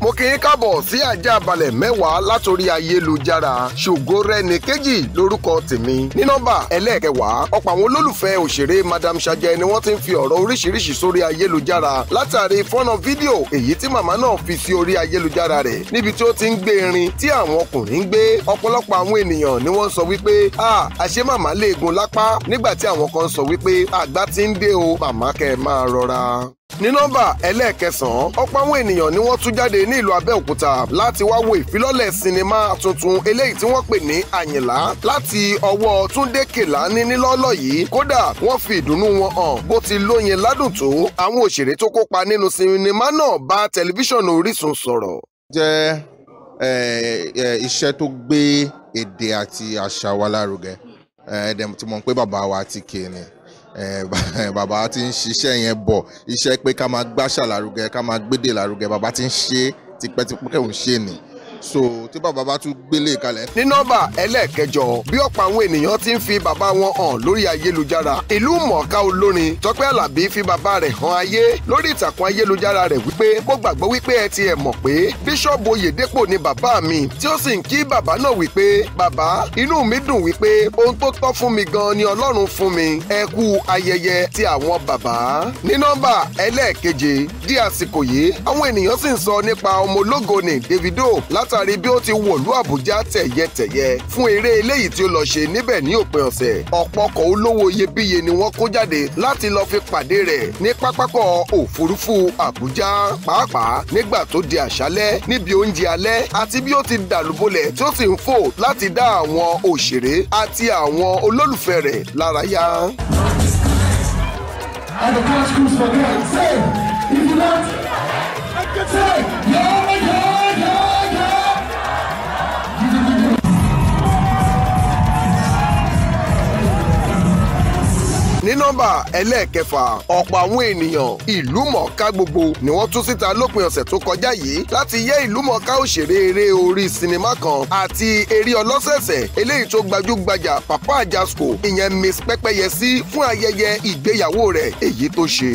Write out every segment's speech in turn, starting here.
mo kì í kábọ̀ sí àjàbalẹ̀ mẹ́wàá látòrí ayélujára ṣògo rẹni kejì lórúkọ tèmi ní nọ́mbà ẹlẹ́ẹ̀kẹwàá ọ̀pọ̀ àwọn olólùfẹ́ òṣèré madam Ṣàjẹ́ ni wọ́n ti ń fi ọ̀rọ̀ oríṣiríṣi sórí ayélujára látàrí fọ́nà fídíò èyí tí màmá náà fi sí orí ayélujára rẹ̀ níbi tí ó ti ń gbé irin tí àwọn ọkùnrin ń gbé ọ̀pọ̀lọpọ̀ àwọn ènìyàn ni wọ́n sọ wípé a àṣé màmá léegun lápá nígbà tí àwọn kan sọ wípé àgbà ti ń dé o màmá kẹ́ máa rọra ní nọ́mbà ẹlẹ́ẹ̀kẹsàn-án ọ̀pọ̀ àwọn ènìyàn ni wọ́n tú jáde ní ìlú Abẹ́òkúta láti wá wo ìfilọ́lẹ̀ sinimá tuntun eléyìí tí wọ́n pè ní Àyìnlá láti ọwọ́ Túndé Kèlání nílọ́lọ́ yìí kódà wọ́n fi ìdùnnú wọn hàn bó ti lóyin ládùn tó àwọn òṣèré tó kópa nínú sinimá náà bá tẹlifíṣàn Orísun sọ̀rọ̀. jẹ́ iṣẹ́ tó gbé èdè àti àṣà wa lárugẹ ẹ̀ẹ́dẹ̀ tí mo ń pé bàbá wa ti kéènì bàbá ti ń ṣiṣẹ́ yẹn bọ̀ iṣẹ́ pé ká máa gbáṣà lárugẹ ká máa gbédè lárugẹ bàbá ti ń ṣe tipẹ́tipẹ́ òun ṣe nìyí so tí bàbá bá tún gbélé kalẹ̀. ní nọ́mbà ẹlẹ́ẹ̀kẹjọ bí ọ̀pọ̀ àwọn ènìyàn ti ń fi bàbá wọn hàn lórí ayélujára ìlú mọ̀ọ́ká olórin tọ́pẹ́ àlàbí fi bàbá rẹ̀ hàn ayé lórí ìtàkùn ayélujára rẹ̀ wípé mo gbàgbọ́ wípé ẹ ti ẹ̀ mọ̀ pé bíṣọ̀bù oyèdèpọ̀ ni bàbá mi tí ó sì ń kí bàbá náà wípé bàbá inú mi dùn wípé ohun tó tọ́ fún mi gan ni ọlọ́run fún mi ẹ ti àwọn bàbá ní nọ́mbà ẹlẹ́ẹ̀keje di àsìkò yìí àwọn ènìyàn sì ń sọ nípa ọmọ ológo ní Davido látàrí bí ó ti wọ̀lú Àbújá tẹ̀yẹtẹ̀yẹ fún eré eléyìí tí ó lọ ṣe níbẹ̀ ní òpin ọ̀sẹ̀ ọ̀pọ̀ ọkọ̀ olówó iyebíye ni wọ́n kó jáde láti lọ fi pàdé rẹ̀ ní pápákọ̀ òfurufú Àbújá pàápàá nígbà tó di àṣálẹ́ níbi oúnjẹ alẹ́ àti bí ó ti dàlúbọlẹ̀ tí ó sì ń fò láti dá àwọn òṣèré àti àwọn olólùfẹ́ rẹ̀ lárayá. the cash want. Say, yeah. nọ́mbà ẹlẹ́ẹ̀kẹfà ọ̀pọ̀ àwọn ènìyàn ìlú mọ̀ọ́ká gbogbo ni wọ́n tú síta lópin ọ̀sẹ̀ tó kọjá yìí láti yẹ ìlú mọ̀ọ́ká òṣèré eré orí sinimá kan àti eré ọlọ́sẹ̀sẹ̀ eléyìí tó gbajúgbajà Papa Ajasco ìyẹn Miss Pẹ́pẹ́yẹ sí fún ayẹyẹ ìgbéyàwó rẹ̀ èyí tó ṣe.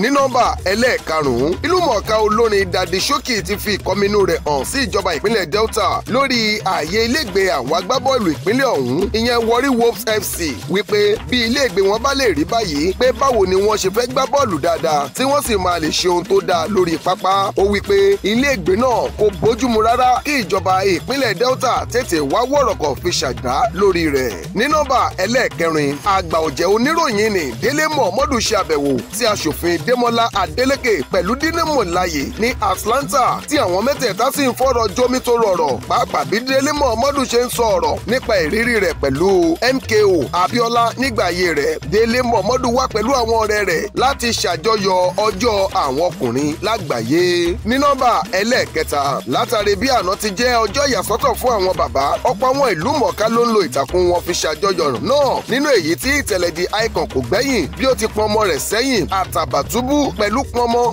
ní nọ́mbà ẹlẹ́ẹ̀karùn-ún ìlú mọ̀ọ́ká olórin Daddy Showkey ti fi ìkọminú rẹ̀ hàn sí ìjọba ìpínlẹ̀ Delta lórí ààyè ilégbè àwọn agbábọ́ọ̀lù ìpínlẹ̀ ọ̀hún ìyẹn Warri Wolves FC wípé bí ilégbè wọn bá lè rí bá báyìí pé báwo ni wọ́n ṣe fẹ́ gbá bọ́ọ̀lù dáadáa tí wọ́n sì máa lè ṣe ohun tó dáa lórí pápá ó wí pé ilé ìgbé náà kò bójúmu rárá kí ìjọba ìpínlẹ̀ Delta tètè wá wọ̀rọ̀kọ̀ fi ṣàgbá lórí rẹ̀ ní nọ́mbà ẹlẹ́ẹ̀kẹrin àgbà ọ̀jẹ̀ oníròyìn ni Délé Mọ̀mọ́dù ṣe àbẹ̀wò sí aṣòfin Démọ́lá Adélékè pẹ̀lú Dínàmọ̀ láàyè ní Atlanta tí àwọn mẹ́tẹ̀ẹ̀ta sì ń fọ̀rọ̀ jómi tó rọ̀rọ̀ pàápàá bí Délé Mọ̀mọ́dù ṣe ń sọ ọ̀rọ̀ nípa ìrírí rẹ̀ pẹ̀lú MKO Abiola nígbà ayé rẹ̀ Délé Mọ̀m Muhammadu wá pẹ̀lú àwọn ọ̀rẹ́ rẹ̀ láti ṣàjọyọ̀ ọjọ́ àwọn ọkùnrin lágbàáyé. ní nọ́mbà ẹlẹ́ẹ̀kẹta látàrí bí àná ti jẹ́ ọjọ́ ìyàsọ́tọ̀ fún àwọn bàbá ọ̀pọ̀ àwọn ìlú mọ̀ọ́ká ló ń lo ìtàkùn wọn fi ṣàjọyọ̀ náà nínú èyí tí ìtẹ̀lẹ̀dì icon kò gbẹ́yìn bí ó ti pọn ọmọ rẹ̀ sẹ́yìn àtàbàtúbú pẹ̀lú pọnmọ́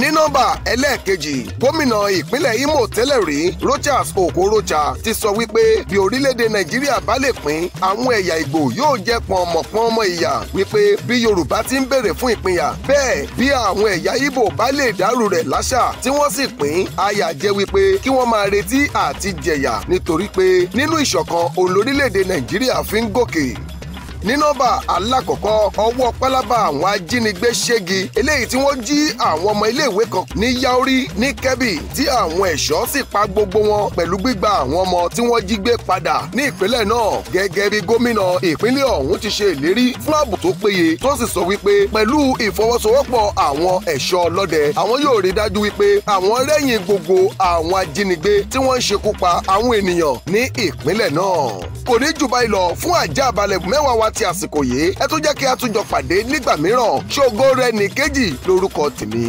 ní nọ́mbà ẹlẹ́ẹ̀kejì gómìnà ìpínlẹ̀ Imo tẹ́lẹ̀ rí Rochas Okorocha ti sọ wípé bí orílẹ̀-èdè Nàìjíríà bá lè pín àwọn ẹ̀yà Ìgbò yóò jẹ́ pọ̀nmọ̀pọ̀n ọmọ ìyà wípé bí Yorùbá ti ń béèrè fún ìpínyà bẹ́ẹ̀ bí àwọn ẹ̀yà Ìgbò bá lè dàrú rẹ̀ láṣà tí wọ́n sì pín àyà jẹ́ wípé kí wọ́n máa retí àti jẹ̀yà nítorí pé nínú ìṣọ̀kan olórílẹ̀-èdè Nàìjíríà fi ń gòkè ní nọ́mbà alákọ̀ọ́kọ́ ọwọ́ pálábá àwọn ajínigbé ṣégi eléyìí tí wọ́n jí àwọn ọmọ iléèwé kan ní yaori ní kẹ́bì tí àwọn ẹ̀ṣọ́ sì pa gbogbo wọn pẹ̀lú gbígba àwọn ọmọ tí wọ́n jí gbé padà ní ìpínlẹ̀ náà gẹ́gẹ́ bí gómìnà ìpínlẹ̀ ọ̀hún ti ṣe ìlérí fún ààbò tó péye tó sì sọ wípé pẹ̀lú ìfọwọ́sowọ́pọ̀ àwọn ẹ̀ṣọ́ ọlọ́dẹ àwọn yóò rí dájú wípé àwọn rẹ́yìn gbogbo àwọn ajínigbé tí wọ́n ń ṣekú pa àwọn ènìyàn ní ìpínlẹ̀ náà kò ní jù báyìí lọ fún àjàbalẹ̀ mẹ́wàá wa àti àsìkò yìí ẹ tún jẹ́ kí a tún jọ pàdé nígbà mìíràn ṣògo rẹ̀ nìkejì lórúkọ tèmi.